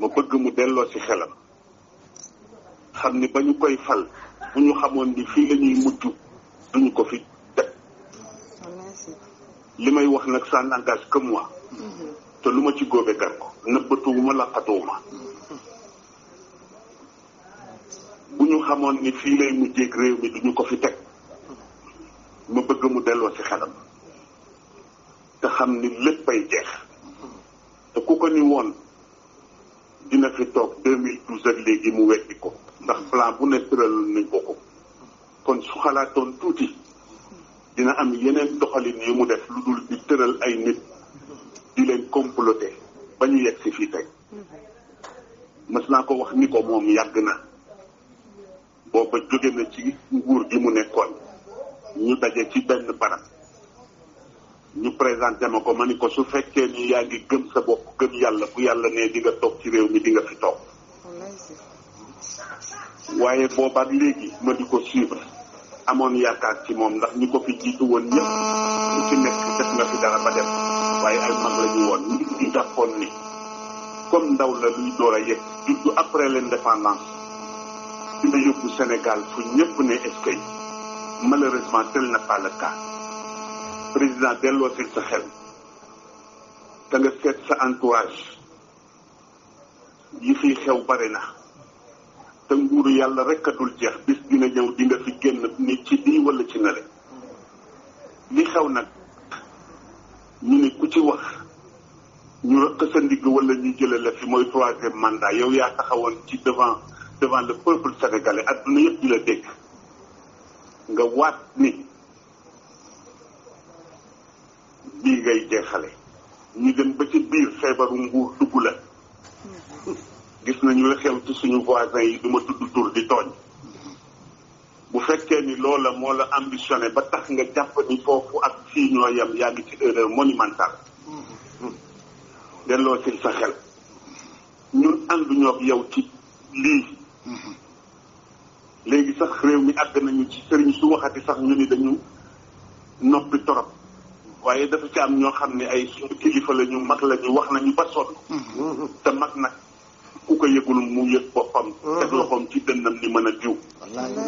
ma bëgg mu delloo ci xelam xam ni ba ñu koy fal bu ñu xamoon ni fii la ñuy mujj duñu ko fi teg li may wax nag ça n'engage que moi mm-hmm. te lu ma ci góobe gar ko nëbbatuwuma laqatuwuma mm-hmm. bu ñu xamoon ni fii lay mujjeeg réew mi duñu ko fi teg ma bëgg mu delloo ci xelam te xam ni léppay jeex mm-hmm. te ku ko ni woon dina fi toog 2012 ak léegi mu weddi ko ndax plan bu ne tëraloon nañ ko ko kon su xalaatoon tuuti dina am yeneen doxalin yi mu def lu dul di tëral ay nit di leen comploter ba ñu yegg si fii tey mës naa ko wax ni ko moom yàgg na booba jóge na ci nguur gi mu nekkoon ñu daje ci benn barab ñu présenté ma ko ma ni ko su fekkee ni yaa ngi gëm sa bopp gëm yàlla bu yàlla ne di toog ci réew mi di nga fi toog waaye booba léegi ma di ko suivre amoon yaakaar ci moom ndax ñu ko fi jiitu woon ñëpp ku ci nekk def nga fi dara ba dem waaye ay mag la ñu woon nit ñi jàppoon ni comme ndaw la luy door a yegg juddu après l'indépendance dina yóbbu Sénégal fu ñëpp ne est-ce que malheureusement tel n'est pas président delloo sil sa xel te nga seet sa entourage yi fi xew bari na te nguuru yàlla rek a jeex bis dina ñëw di fi génn ni ci lii wala ci nale li xew nag ñu ne ku ci wax ñu rëq sa ndigg wala ñu jële la fi mooy troisième mandat yow yaa taxawoon ci devant devant le peuple sénégalais adduna yëpp di la dégg nga waat ni lii ngay jeexale ñu dem ba ci biir feebaru nguur dugg la gis nañu la xew ci suñu voisin yi duma tudd tur di tooñ bu fekkee ni loola moo la ambitionné ba tax nga jàpp ni foofu ak fii ñoo yem yaa ngi ci erreur monumentale delloo ci sa xel ñu ànduñoo ak yow ci lii léegi sax réew mi àgg nañu ci sëriñ su waxati sax ñu ni dañu noppi torop waaye dafa ci am ñoo xam ne ay suñu kilifa la ñu mag la ñu wax nañu ba sonn mm-hmm. te mag nag ku ko yëgul mu yëg boppam mm-hmm. teg loxoom ci dënnam ni mën a diw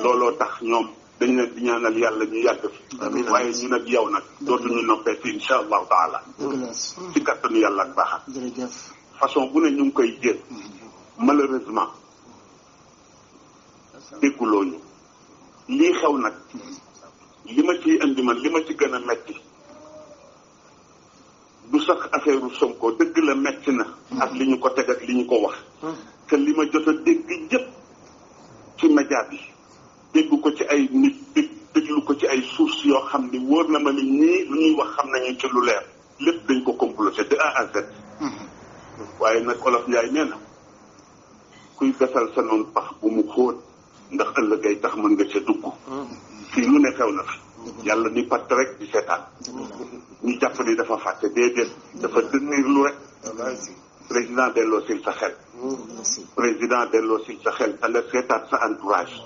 looloo tax ñoom dañ leen di ñaanal yàlla ñu yàgg fi waaye ñu nag yow nag dootuñu noppee fi insha allahu taala mm-hmm. ci kattanu yàlla ak baaxam façon bu ne ñu ngi koy jël malheureusement dégguloo ñu lii xew nag li ma ciy indi man li ma ci gën a metti du sax affaire Sonko dëgg la metti na. ak li ñu ko teg ak li ñu ko wax. te li ma jot a dégg yëpp ci média bi dégg ko ci ay nit dégg déglu ko ci ay sources yoo xam ni wóor na ma ni ñii lu ñuy wax xam nañu ci lu leer lépp dañ ko comploté de A à waaye nag olof Njaay nee na kuy gasal sa noon pax bu mu xóot ndax ëllëg ay tax mën nga ca dugg. Mm. fii lu ne xew na fi. yàlla ni patt rek di seetaan. ñu jàpp ni dafa fàtte déedéet dafa dënnir lu rek président delloo sil sa xel président delloo sil sa xel te nga seetaat sa entourage